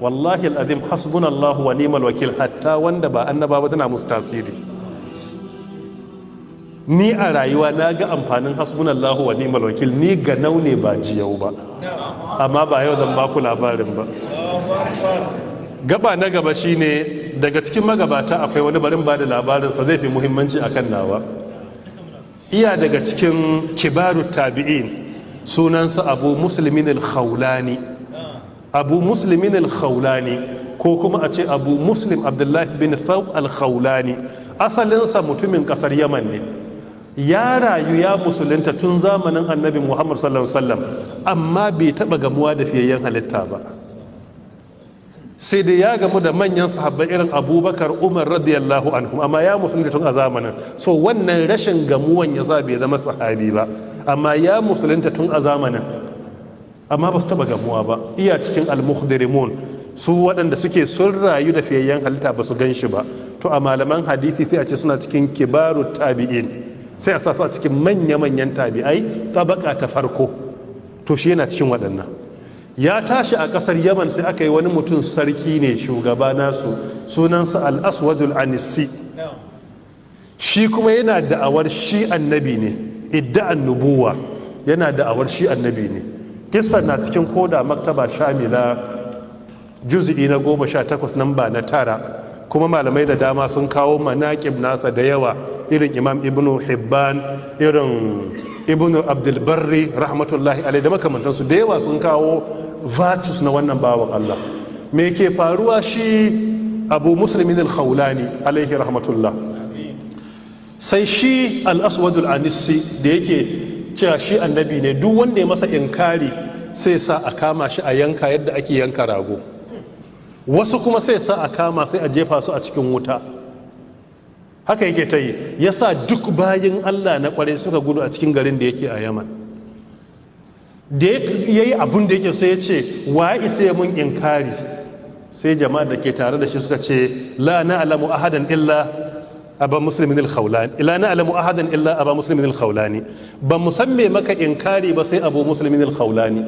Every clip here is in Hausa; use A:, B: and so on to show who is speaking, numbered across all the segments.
A: wallahi al'azim hasbunallahu wa ni'mal wakil hatta wanda ba annaba ba tana musu tasiri ni a rayuwa na ga amfanin hasbunallahu wa ni'mal wakil ni ga naune ba jiyau ba amma ba yau zan baku labarin ba gaba na gaba shine daga cikin magabata akwai wani barin ba da labarinsa zai fi muhimmanci akan nawa iya daga cikin kibaru tabi'in sunansa abu muslimin al-khawlani abu muslimin al-khawlani ko kuma a ce abu muslim abdullahi bin thawb al-khawlani asalinsa mutumin kasar yaman ne ya rayu ya musulunta tun zamanin annabi muhammad sallallahu alaihi wasallam amma bai taba gamuwa da fiyayyen halitta ba sai dai ya gamu da manyan sahabbai irin abubakar umar radiyallahu anhu amma ya musulunta tun a zamanin so wannan rashin gamuwan ya sa bai zama sahabi ba amma ya musulunta tun a zamanin amma ba su taba gamuwa ba iya cikin almuhdirimun su waɗanda suke sun rayu da fiyayyen halitta ba su gan shi ba to a malaman hadisi sai a ce suna cikin kibaru tabi'in sai a sa su cikin manya-manyan tabi'ai tabaka ta farko to shi yana cikin waɗannan ya tashi a ƙasar yaman sai aka yi wani mutum sarki ne shugaba nasu sunansa al-aswadul anisi shi kuma yana da'awar shi annabi ne idda nubuwa yana da'awar shi annabi ne kissan na cikin koda maktaba shamila juzi'i na goma sha takwas nan ba na tara kuma malamai da dama sun kawo manaƙib nasa da yawa irin imam ibnu hibban irin ibnu abdulbarri rahmatullahi alai da makamantansu da yawa sun kawo virtues na wannan bawan allah me ke faruwa shi abu muslimin al-khawlani alaihi rahmatullah sai shi al-aswadul anisi da yake cewa shi annabi ne duk wanda ya masa inkari sai sa a kama shi a yanka yadda ake yanka rago wasu kuma sai sa a kama sai a jefa su a cikin wuta haka yake ta yi ya sa duk bayin allah na kwarai suka gudu a cikin garin da yake a yaman da ya yi abin da yake sai ya ce wa isa mun inkari sai jama'a da ke tare da shi suka ce la na alamu ahadan illa aba مسلم al-khawlani ila na'lamu ahadan illa aba muslimin al-khawlani ba musamme maka inkari ba sai abu muslimin al-khawlani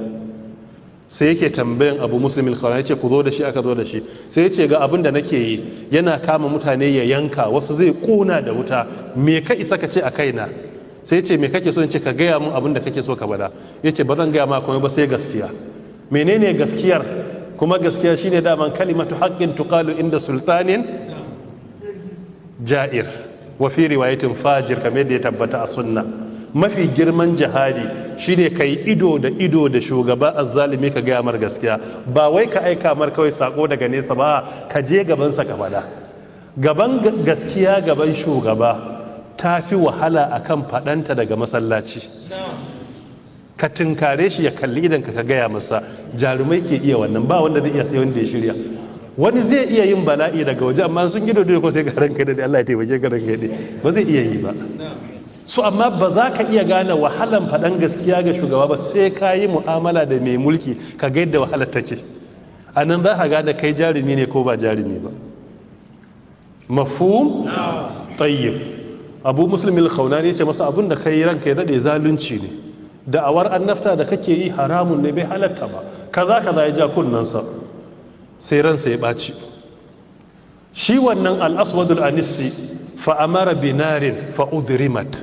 A: sai yake tambayan abu muslim al-khawlani yace ku zo da shi aka zo da shi sai yace ga abin da nake yi yana kama mutane ya yanka wasu zai kuna da wuta me ka isa ka ce a kaina sai yace me kake so in ce ka gaya mun abin da kake so ka bada yace ba zan gaya ma komai ba sai gaskiya menene gaskiyar kuma gaskiya shine daman kalimatu haqqin tuqalu inda sultanin ja'ir wa fi riwayatin fajir kamar da ya tabbata a sunna mafi girman jihadi shine kai ido da ido da shugaba azzalimi ka gaya mar gaskiya ba wai ka aika mar kawai sako daga nesa ba ka je gabansa ka faɗa gaban gaskiya gaban shugaba ta fi wahala a kan faɗanta daga masallaci ka tunkare shi ya kalli idan ka gaya masa jarumai ke iya wannan ba wanda zai iya sai wanda ya shirya wani zai iya yin bala'i daga waje amma sun gido da ko sai ka ranka da Allah ya taimake ka ranka da ba zai iya yi ba so amma ba za ka iya gane wahalan faɗan gaskiya ga shugaba ba sai ka yi mu'amala da mai mulki ka ga yadda wahalar take a nan za ka gane kai jarumi ne ko ba jarumi ba mafhum tayyib abu muslim al ya ce masa abun da kai ranka ya dade zalunci ne da'awar annafta da kake yi haramun ne bai halatta ba kaza kaza ya ja kunnansa sai ransa ya ɓaci shi wannan al'aswadul anisi fa'amara binarin fa'udrimat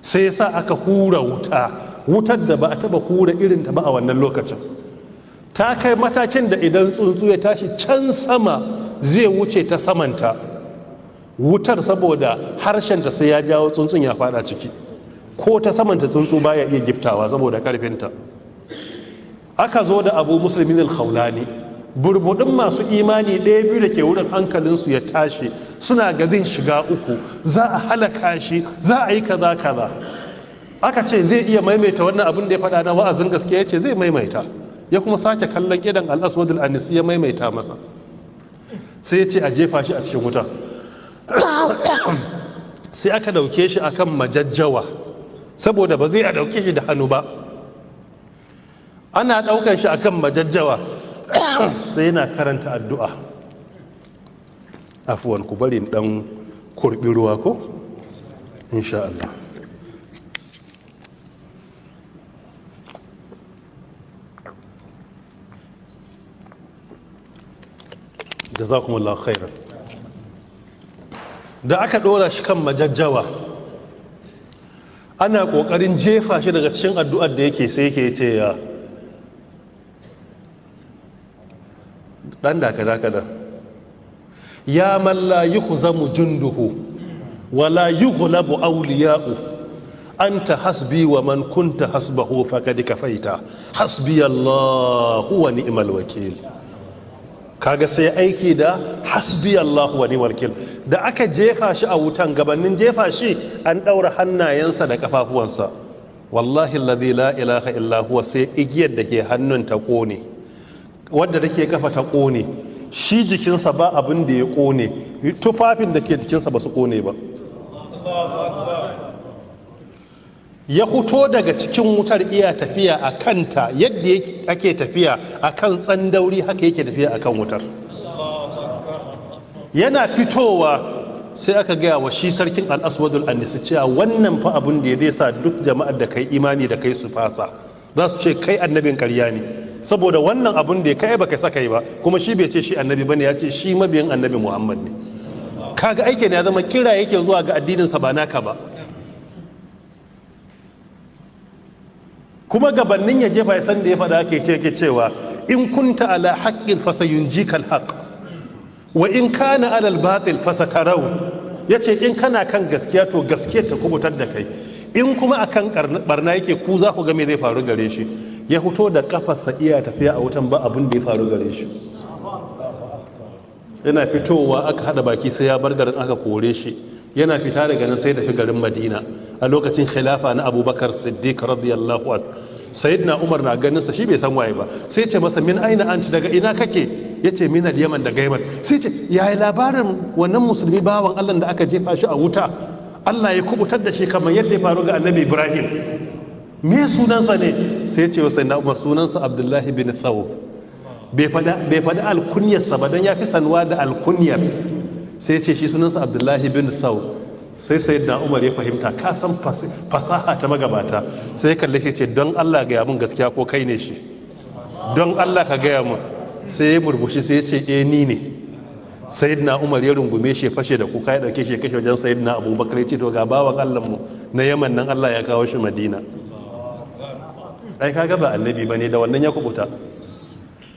A: sai ya sa aka hura wuta wutar da ba a taba hura irin ta ba a wannan lokacin ta kai matakin da idan tsuntsu ya tashi can sama zai wuce ta samanta wutar saboda harshenta sai ya jawo tsuntsun ya fada ciki ko ta samanta tsuntsu baya iya giftawa saboda karfinta aka zo da abu musulmin al-khawlani burbudin masu imani ɗaya biyu da ke wurin hankalinsu ya tashi suna ga shiga uku za a halaka shi za a yi kaza kaza aka ce zai iya maimaita wannan abin da ya faɗa na wa'azin gaske ya ce zai maimaita ya kuma sake kallon idan al'aswadul anisi ya maimaita masa sai ya ce a jefa shi a cikin wuta sai aka ɗauke shi akan majajjawa saboda ba zai a ɗauke shi da hannu ba ana ɗaukar shi akan majajjawa sai yana karanta addu'a afuwan ku bari dan kurbi ruwa ko insha Allah jazakumullah khairan da aka dora shi kan majajjawa ana ƙoƙarin jefa shi daga cikin addu'ar da yake sai yake ce ya dan da zaka da ya man zamu yuhzamu junduhu wa la yughlabu awliya'u anta hasbi wa man kunta hasbahu faqad kafaita hasbi Allah wa ni'mal wakil kaga sai aiki da hasbi Allah wa ni'mal wakil da aka jefa shi a wutan gabanin jefa shi an daura hannayensa da kafafuwansa wallahi alladhi la ilaha illa huwa sai igiyar da ke hannun ta kone wadda take kafa ta ƙone shi jikinsa ba abin da ya ƙone tufafin da ke jikinsa ba su ƙone ba ya huto daga cikin wutar iya tafiya a kanta yadda ake tafiya a kan tsandauri haka yake tafiya a kan wutar yana fitowa sai aka gaya wa shi sarkin al'aswadul annisi cewa wannan fa abin da ya sa duk jama'ar da kai imani da kai su fasa za su ce kai annabin karya ne saboda wannan abun da ya kai baka saka yi ba kuma shi bai ce shi annabi bane ya ce shi mabiyan annabi Muhammad ne kaga aike ne ya zama kira yake zuwa ga addinin sa ba naka ba kuma gabannin ya jefa ya san da ya fada ake ke ke cewa in kunta ala haqqin fasayunjika alhaq wa in kana ala albatil fasatarau yace in kana kan gaskiya to gaske ta kubutar da kai in kuma akan barna yake ku za ku ga me zai faru gare shi ya fito da kafarsa iya tafiya a wutan ba abin da ya faru gare shi yana fitowa aka hada baki sai ya bar garin aka kore shi yana fita daga nan sai tafi garin madina a lokacin khilafa na abubakar siddiq radiyallahu an sayyidina umar na ganin sa shi bai san waye ba sai ce masa min aina anti daga ina kake yace min al yaman daga yaman sai ce yayi labarin wannan musulmi bawan Allah da aka jefa shi a wuta Allah ya kubutar da shi kamar yadda ya faru ga annabi Ibrahim me sunansa ne sai ce wa sayyidina umar sunansa abdullahi bin thawb bai faɗi alkunyarsa ba don ya fi sanwa da alkunyar sai ce shi sunansa abdullahi bin thawb sai sayyidina umar ya fahimta ka san fasaha ta magabata sai kalle shi ce don allah gaya mun gaskiya ko kai ne shi don allah ka gaya mun sai ya burbushi sai ya ce e ni ne sayyidina umar ya rungume shi fashe da kuka ya dauke shi kashe wajen sayyidina abubakar ya ce to ga bawan allah mu na yaman nan allah ya kawo shi madina ai kaga ba annabi bane da wannan ya kubuta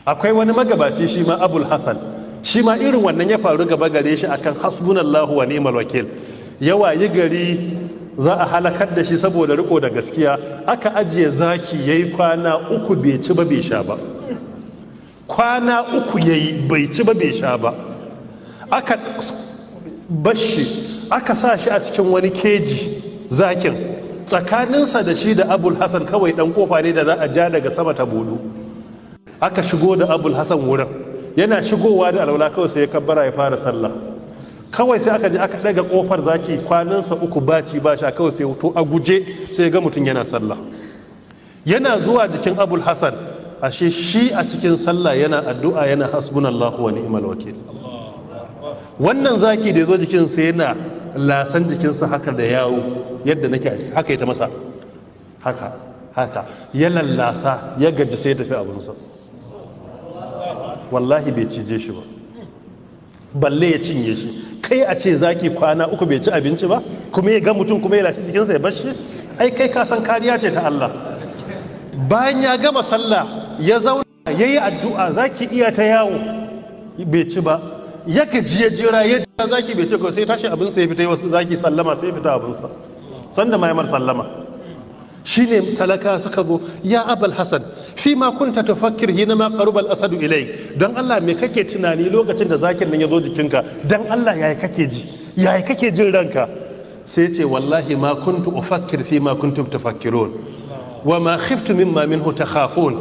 A: akwai wani magabaci shi ma abul hasan shi ma irin wannan ya faru gaba gare shi akan hasbunallahu wa ni'mal wakil ya wayi gari za a halakar da shi saboda riko da gaskiya aka ajiye zaki yayi kwana uku bai ci ba bai sha ba kwana uku yayi bai ci ba bai sha ba aka bashi aka sa shi a cikin wani keji zakin tsakaninsa da shi da abul hasan kawai dan kofa ne da za a ja daga sama ta budu aka shigo da abul hassan wurin yana shigowa da alwala kawai sai ya kabbara ya fara sallah kawai sai aka je aka daga kofar zaki kwaninsa uku baci ba sha kawai sai wuto a guje sai ga mutum yana sallah yana zuwa jikin abul hassan ashe shi a cikin sallah yana addu'a yana hasbunallahu wa ni'mal wakil wannan zaki da ya zo jikin sai yana lasan jikinsa haka da yawo yadda nake a haka ya ta masa haka haka ya lallasa ya gaji sai ya tafi abinsa wallahi bai cije shi ba balle ya cinye shi kai a ce zaki kwana uku bai ci abinci ba kuma ya ga mutum kuma ya lafi jikinsa ya bar shi ai kai ka san kariya ce ta Allah bayan ya gama sallah ya zauna ya yi addu'a zaki iya ta yawo bai ci ba ya jiye ya jira ya jira zaki bai ce ko sai tashi abin sai fita wasu zaki sallama sai fita abin sa sanda mai mar sallama shine talaka suka zo ya abal hasan fi ma kunta tafakkir hina ma qaruba asadu ilai dan Allah me kake tunani lokacin da zakin nan ya zo jikinka dan Allah yayi kake ji yayi kake jin ranka sai ce wallahi ma kuntu ufakkir fi ma kuntum tafakkirun wa ma khiftu mimma minhu takhafun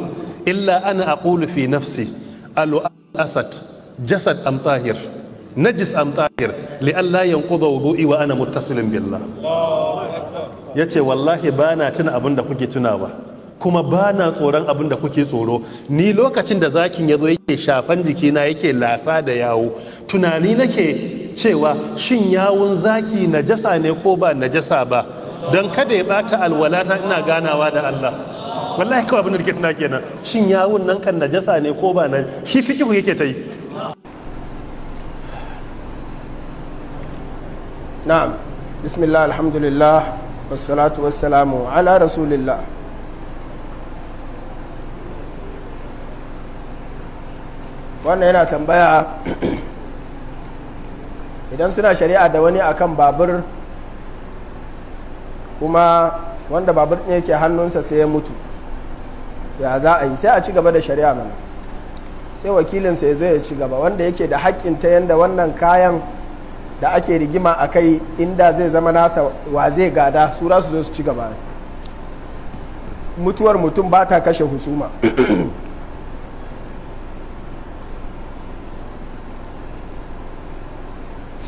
A: illa ana aqulu fi nafsi al asad jasad am tahir najis am tahir li alla yanqudu wudu'i wa ana muttasilin billah yace wallahi ba na tuna abin da kuke tunawa kuma ba na tsoron abin da kuke tsoro ni lokacin da zakin ya zo yake shafan jikina yake lasa da yawo tunani nake cewa shin yawun zaki najasa ne ko ba najasa ba don kada ya bata alwalata ina ganawa da Allah wallahi kawai abin da kike tuna kenan shin yawun nan kan najasa ne ko ba na shi fikihu yake ta yi na'am
B: bismillah alhamdulillah wassalatu wassalamu ala rasulillah wannan yana tambaya idan suna shari'a da wani akan babur kuma wanda babur ne ke hannunsa sai ya mutu ya za a yi sai a ci gaba da shari'a mana sai wakilinsa ya zo ya ci gaba wanda yake da hakkin ta yadda wannan kayan da ake rigima a kai inda zai zama nasa wa zai gada su su zo su ci gaba mutuwar mutum ba ta kashe husuma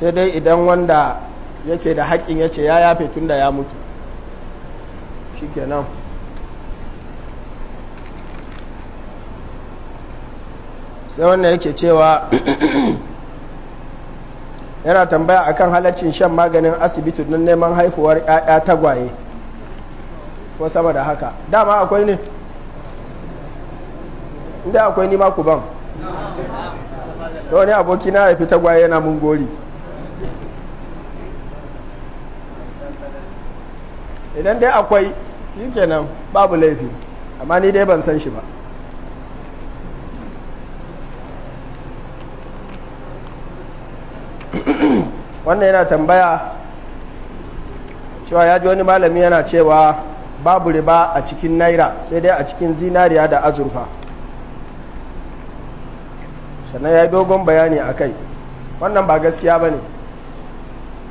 B: sai dai idan wanda yake da haƙƙin ya ce ya yafe tun da ya mutu shikenan sai wanda yake cewa yana tambaya akan halaccin shan maganin asibiti don neman haihuwar 'ya'ya tagwaye ko sama da haka dama akwai ne inda akwai nima ku ban da wani aboki na haifi tagwaye yana mun gori idan dai akwai shi kenan babu laifi amma ni dai ban san shi ba wannan yana tambaya cewa ya ji wani malami yana cewa babu riba a cikin naira sai dai a cikin zinariya da azurfa sannan ya yi dogon bayani a kai wannan ba gaskiya ba ne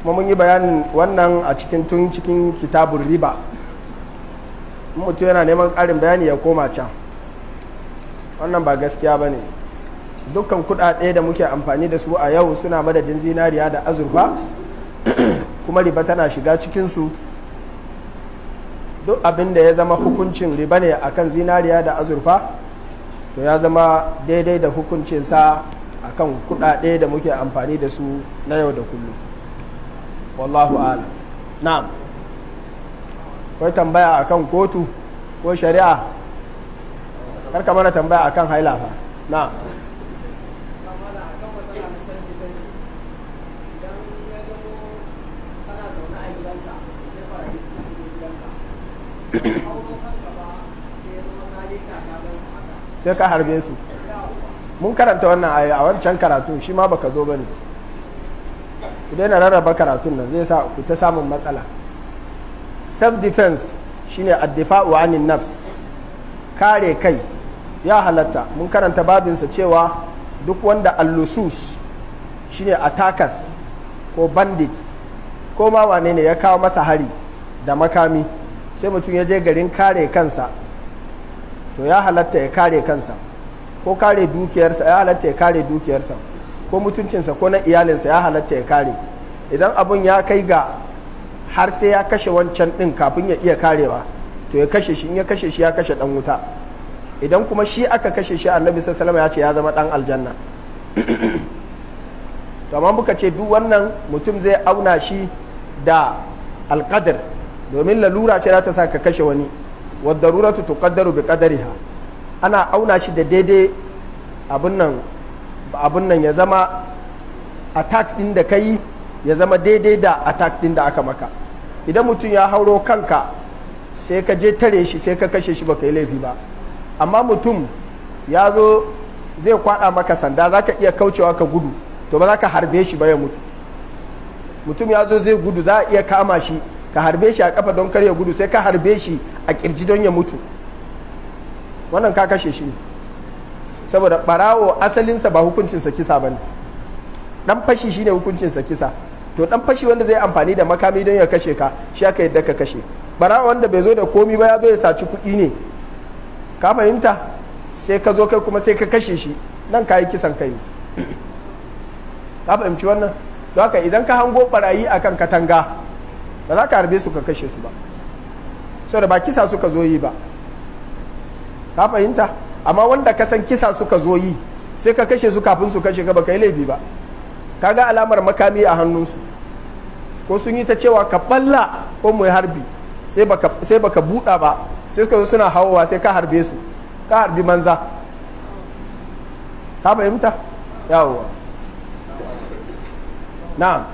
B: kuma mun yi bayanin wannan a cikin tun cikin kitabun riba mutu yana neman ƙarin bayani ya koma can wannan ba gaskiya ba ne dukkan kuɗaɗe da muke amfani da su a yau suna madadin zinariya da azurfa kuma riba tana shiga cikinsu duk abin da ya zama hukuncin riba ne akan zinariya da azurfa to ya zama daidai da hukuncinsa akan kuɗaɗe da muke amfani da su na yau da kullum wallahu ala na'am kai tambaya kan kotu ko shari'a kar ka mana tambaya kan hailafa na'am sai ka harbe su mun karanta wannan aya a wancan karatun shi ma baka zo ba ne ku daina rarraba karatun nan zai sa ku ta samun matsala self defense shine addifa'u anin nafs kare kai ya halatta mun karanta babinsa cewa duk wanda allusus shine attackers ko bandits ko ma wane ne ya kawo masa hari da makami sai mutum ya je garin kare kansa to ya halatta ya kare kansa ko kare dukiyarsa ya halatta ya kare dukiyarsa ko mutuncinsa ko na iyalinsa ya halatta ya kare idan abun ya kai ga har sai ya kashe wancan ɗin kafin ya iya karewa to ya kashe shi in ya kashe shi ya kashe ɗan wuta idan kuma shi aka kashe shi annabi sallallahu ya ce ya zama ɗan aljanna to amma muka ce duk wannan mutum zai auna shi da alƙadar domin lalura ce za ta sa ka kashe wani wadda ruratu tuqaddaru bi ha ana auna shi da daidai abin nan ya zama attack din da kai ya zama daidai da attack din da aka maka idan mutum ya hauro kanka sai ka je tare shi sai ka kashe shi ka yi laifi ba amma mutum ya zo zai kwada maka sanda za ka iya kaucewa ka gudu to ba za ka harbe shi ba ya mutu mutum ya zo zai gudu za a iya kama shi ka harbe shi a kafa don kar ya gudu sai ka harbe shi a kirji don ya mutu wannan ka kashe shi ne saboda barawo asalinsa ba hukuncinsa kisa ba ne dan fashi shine hukuncinsa kisa to dan fashi wanda zai amfani da makami don ya kashe ka shi aka yadda ka kashe barawo wanda bai zo da komi ba ya zo ya saci kuɗi ne ka fahimta sai ka zo kai kuma sai ka kashe shi nan ka yi kisan kai ne ka fahimci wannan don haka idan ka hango barayi akan katanga ba za ka harbe su ka kashe su ba saboda ba kisa suka zo yi ba ka fahimta amma wanda ka san kisa suka zo yi sai ka kashe su kafin su kashe ka ba yi laifi ba ka ga alamar makami a hannunsu ko sun yi ta cewa ka balla ko mu harbi sai baka buɗa ba sai suka zo suna hawowa sai ka harbe su ka harbi manza ka fahimta Yawo. na'am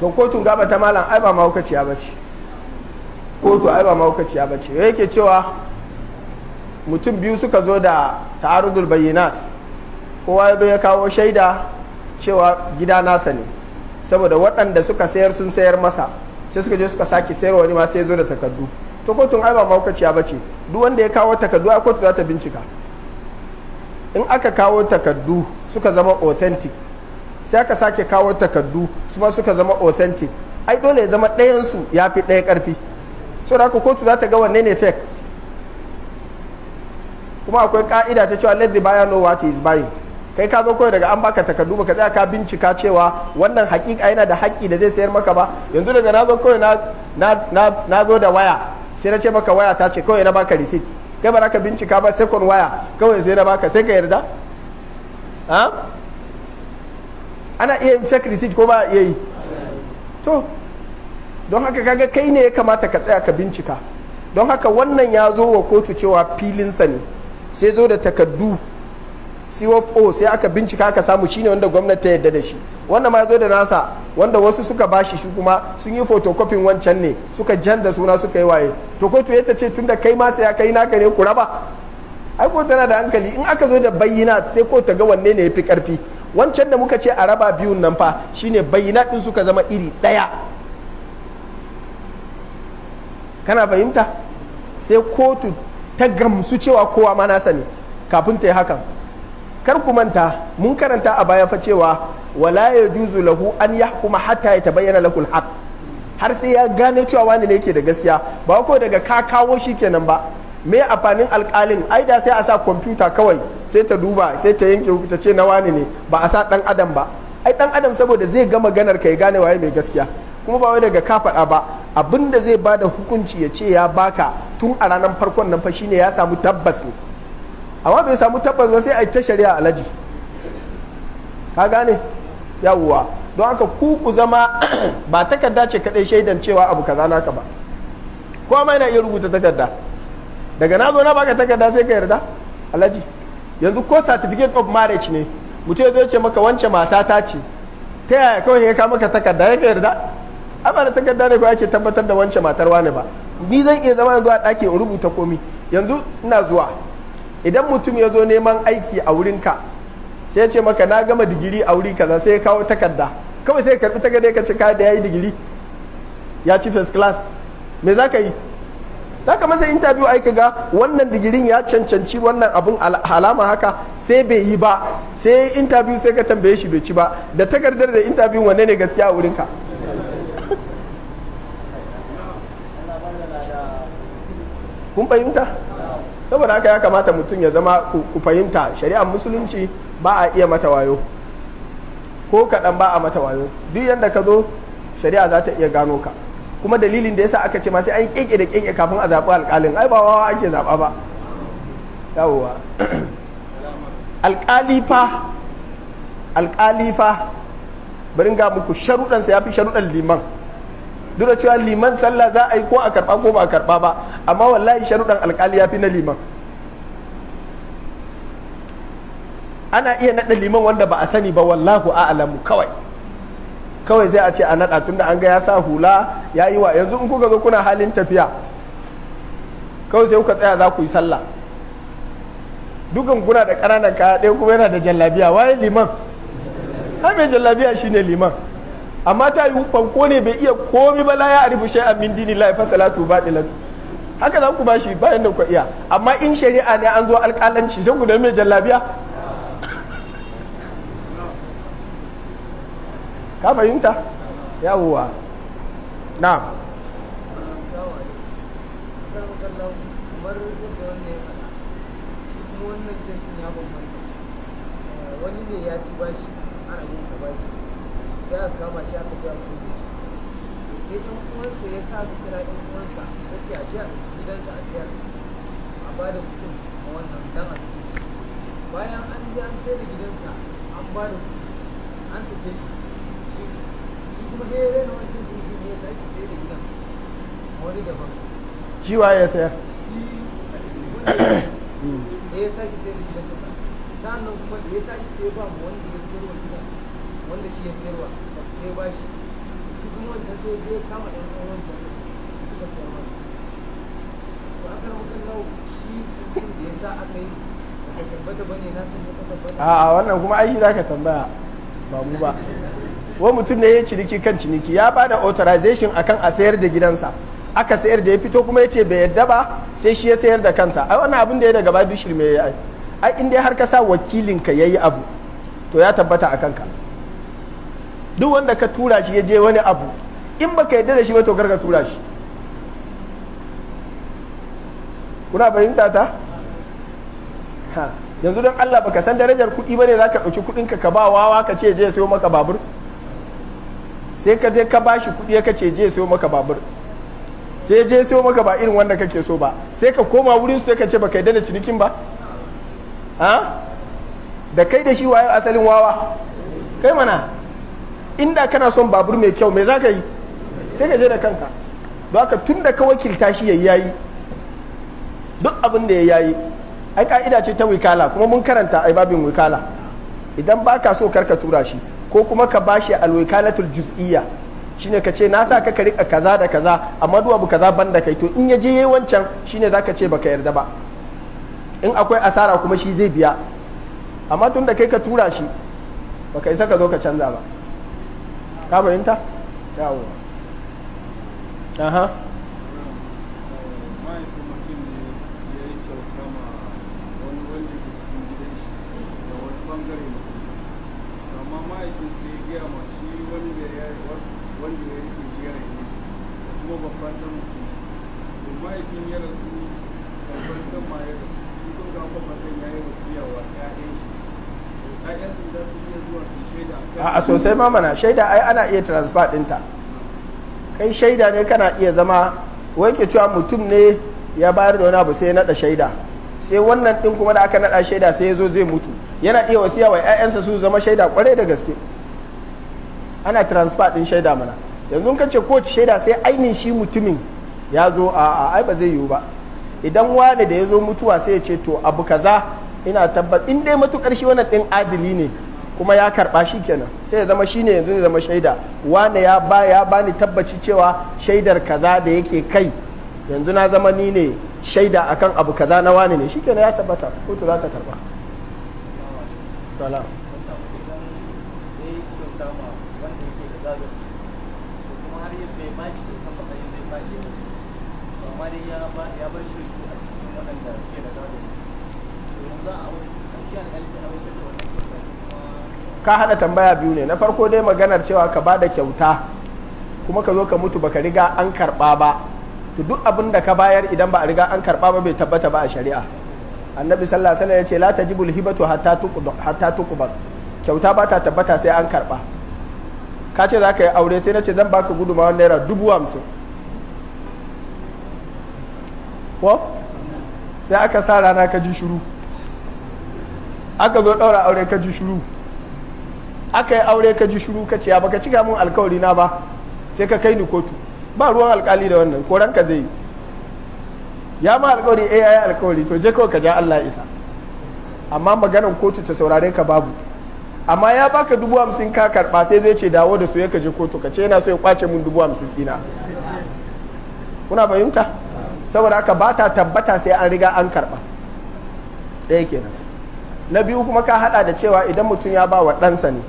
B: to kotun gaba ta malam ai ba mahaukaciya ba ce kotu ai ba mahaukaciya ba ce yake cewa mutum biyu suka zo da ta'arudul bayyanat kowa ya zo ya kawo shaida cewa gida nasa ne saboda waɗanda suka sayar sun sayar masa sai suka je suka sake sayarwa wani ma sai zo da takardu to kotun ai ba maukaciya ba ce duk wanda ya kawo takardu a kotu za ta bincika in aka kawo takardu suka zama authentic sai aka sake kawo takardu su ma suka zama authentic ai dole ya zama ɗayansu ya fi ɗaya ƙarfi so haka kotu za ta ga wanne ne fake kuma akwai ka'ida ta cewa let the buyer know what he is buying kai ka zo kawai daga an baka takardu baka tsaya ka bincika cewa wannan hakika yana da haƙƙi da zai sayar maka ba yanzu daga na zo kawai na zo da waya sai na ce maka waya ta ce kawai na baka receipt kai ba za ka bincika ba second waya kawai sai na baka sai ka yarda ana iya fake receipt ko ba iya yi to don haka kaga kai ne ya kamata ka tsaya ka bincika don haka wannan ya zo wa kotu cewa filinsa ne sai zo da takardu CFO sai aka bincika aka samu shine wanda gwamnati ta yadda da shi wanda ma zo da nasa wanda wasu suka bashi shi kuma sun yi photocopying wancan ne suka janda suna suka yi waye to kotu ya ce tunda kai ma sai kai naka ne ku raba ai ko tana da hankali in aka zo da bayyana sai ko ta ga wanne ne fi karfi wancan da muka ce a raba biyun nan fa shine bayyana din suka zama iri daya kana fahimta sai kotu ta gamsu cewa kowa ma nasa ne kafin ta yi hakan kar ku manta mun karanta a baya fa cewa wala ya juzu lahu an kuma hatta ya tabayyana lahul haq har sai ya gane cewa wani ne yake da gaskiya ba ko daga ka kawo shi kenan ba me amfanin alkalin ai da sai a sa kwamfuta kawai sai ta duba sai ta yanke ta ce na wani ne ba a sa dan adam ba ai dan adam saboda zai ga maganar ka ya gane waye mai gaskiya kuma ba wai daga ka faɗa ba abinda zai bada hukunci ya ce ya baka tun a ranar farkon nan fa shine ya samu tabbas ne amma bai samu tabbas ba sai a ta shari'a alhaji ka gane yawwa don haka ku ku zama ba takarda ce kadai shaidan cewa abu kaza naka ba ko mai na iya rubuta takarda daga na zo na baka takarda sai ka yarda alhaji yanzu ko certificate of marriage ne mutum ya ce maka wance mata ta ce ta yaya kawai ya kama maka takarda ya ka yarda amma da takarda ne ko ake tabbatar da wance matar wane ba ni zan iya zama yanzu a ɗaki in rubuta komi yanzu ina zuwa idan mutum ya zo neman aiki a wurinka sai ce maka na gama digiri a wuri kaza sai ya kawo takarda kawai sai ka karbi takarda ka ce kaya da ya yi digiri ya ci first class me za ka yi za ka masa interview ai ga wannan digirin ya cancanci wannan abun alama haka sai bai yi ba sai interview sai ka tambaye shi bai ci ba da takardar da interview wanne ne gaskiya a wurinka kun fahimta saboda haka ya kamata mutum ya zama ku fahimta shari'ar musulunci ba a iya mata wayo ko kaɗan ba a mata wayo duk yadda ka zo shari'a za ta iya gano ka kuma dalilin da yasa aka ce ma sai an ƙeƙe da ƙeƙe kafin a zaɓi alƙalin ai ba wawa ake zaɓa ba yawowa alƙali fa alƙali fa bari ga muku sharuɗansa ya fi sharuɗan liman duk cewa liman sallah za a yi ko a karba ko ba a karba ba amma wallahi sharuɗan alkali ya fi na liman ana iya naɗa liman wanda ba a sani ba wallahu a'lamu kawai kawai zai a ce a naɗa tunda an ga ya sa hula ya yi wa yanzu in kuka zo kuna halin tafiya kawai sai kuka tsaya za ku yi sallah dukan kuna da ƙananan kaya ɗaya kuma yana da jallabiya waye liman ha mai jallabiya shine liman amma ta yi ko ne bai iya komi ba la ya arifu shay'an min dinillahi ba salatu batilatu haka za ku bashi bayan da ku iya amma in shari'a ne an zo alƙalanci sai ku da mai jallabiya ka fahimta yawwa na eh, wani ne ya ci bashi sai aka kama shi aka ja mutum sai ɗan uwansa ya sa ka kira ɗan uwansa ce a gidansa a siyar a ba da mutum a wannan dan bayan an ji sai da gidansa an ba da an sake shi shi kuma sai ya rena wancan jirgin ne ya sake sai da gidan a wani daban ciwa ya sayar shi ne ya sake sai da gidan nan kuma da ya tashi sai ba mu wanda ya sayar wa gidan wanda shi ya sayarwa sai ya bashi shi kuma wancan sai je kama ɗan wancan da suka sayar masa to aka kan nau shi cikin da ya sa aka yi ba tabbata bane na san ka tabbata a'a wannan kuma ai za ka tambaya ba mu ba wani mutum ne ya ciniki kan ciniki ya ba da authorization akan a sayar da gidansa aka sayar da ya fito kuma ya ce bai yadda ba sai shi ya sayar da kansa ai wannan abin da ya daga ba bishir mai yi ai in dai har ka sa wakilinka yi abu to ya tabbata a kanka duk wanda ka tura shi ya je wani abu in baka yadda da shi ba to karka tura shi kuna fahimta ta ha yanzu don Allah baka san darajar kuɗi bane zaka ɗauki kuɗinka ka ba wawa ka ce je sayo maka babur sai ka je ka bashi kuɗi ka ce je sayo maka babur sai je sayo maka ba irin wanda kake so ba sai ka koma wurin sai ka ce baka yadda da cinikin ba ha da kai da shi waye asalin wawa kai mana inda kana son babur mai kyau me za ka yi sai ka je da kanka don haka tun da ka wakilta shi ya yayi duk abin da ya yayi ai ka'ida ce ta wikala kuma mun karanta ai babin wikala idan ba ka so karka tura shi ko kuma ka bashi alwikalatul juz'iyya shine ka ce na sa ka ka rika kaza da kaza amma duwa bu kaza banda kai to in ya je yayi wancan shine zaka ce baka yarda ba in akwai asara kuma shi zai biya amma tun da kai ka tura shi baka isa ka zo ka canza ba ka bayanta yawo aha sai ma mana shaida ai ana iya transfer ɗinta kai shaida ne kana iya zama wai ke cewa mutum ne ya bayar da wani abu sai ya naɗa shaida sai wannan ɗin kuma da aka naɗa shaida sai ya zo zai mutu yana iya wasiya wa ƴaƴansa su zama shaida kwarai da gaske ana transfer ɗin shaida mana yanzu ka ce kowace shaida sai ainihin shi mutumin ya zo a ai ba zai yiwu ba idan wani da ya zo mutuwa sai ya ce to abu kaza ina tabbat in dai matukar shi wannan ɗin adili ne kuma ya karba shi kenan sai ya zama shi ne yanzu ya zama shaida wane ya ba ya bani tabbaci cewa shaidar kaza da yake kai yanzu na zama ni ne shaida akan abu kaza na wane ne kenan ya tabbata kotu za ta karba ka hada tambaya biyu ne na farko dai maganar cewa ka bada kyauta kuma ka zo ka mutu baka riga an karba ba to duk abin da ka bayar idan ba a riga an karba ba bai tabbata ba a shari'a annabi sallallahu alaihi wasallam ya ce la tajibul hibatu hatta tuqba hatta tuqba kyauta ba ta tabbata sai an karba ka ce za ka yi aure sai na ce zan baka guduma naira dubu hamsin ko sai aka sa rana ka ji shiru aka zo ɗaura aure ka ji shiru. aka yi aure ka ji shiru ka ce ya baka cika mun alkawari na ba sai ka kai ni kotu ba ruwan alkali da wannan koran ka zai ya ma alkawari eh yayi alkawari to je kawai ka ja Allah isa amma maganar kotu ta saurare ka babu amma ya baka dubu hamsin ka karba sai zai ce dawo da su ya ka je kotu ka ce yana so ya kwace mun dubu hamsin dina kuna fahimta saboda haka ba ta tabbata sai an riga an karba ɗaya kenan na biyu kuma ka hada da cewa idan mutum ya ba wa ɗansa ne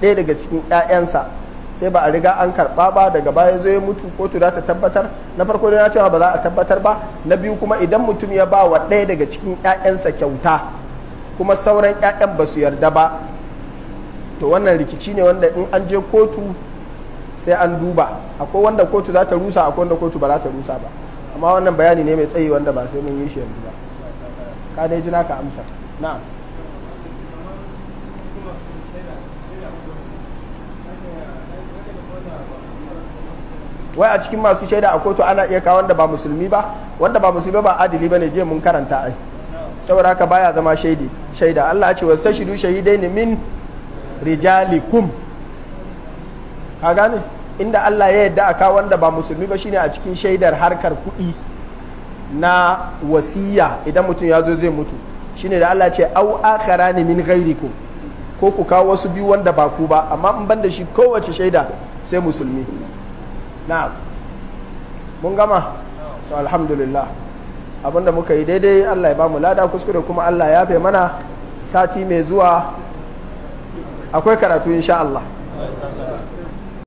B: ɗaya daga cikin 'ya'yansa sai ba a riga an karɓa ba daga baya zai mutu kotu za ta tabbatar na farko dai na cewa ba za a tabbatar ba na biyu kuma idan mutum ya ba wa ɗaya daga cikin 'ya'yansa kyauta kuma sauran 'ya'yan ba su yarda ba to wannan rikici ne wanda in an je kotu sai an duba akwai wanda kotu za ta rusa akwai wanda kotu ba za ta rusa ba amma wannan bayani ne mai tsayi wanda ba sai mun yi shi yanzu ba ka dai ji naka amsa na'am wai a cikin masu shaida a kotu ana iya kawo wanda ba musulmi ba wanda ba musulmi ba adili bane je mun karanta ai saboda haka baya zama shaidi shaida Allah ya ce wastashidu shahidaini min rijalikum ka gane inda Allah ya yadda a kawo wanda ba musulmi ba shine a cikin shaidar harkar kuɗi na wasiya idan mutum ya zo zai mutu shine da Allah ce au akhara ne min ghairikum ko ku kawo wasu biyu wanda ba ku ba amma in ban da shi kowace shaida sai musulmi na'am mun gama to alhamdulillah abinda muka yi daidai Allah ya bamu lada kuskure kuma Allah ya bai mana sati mai zuwa akwai karatu insha Allah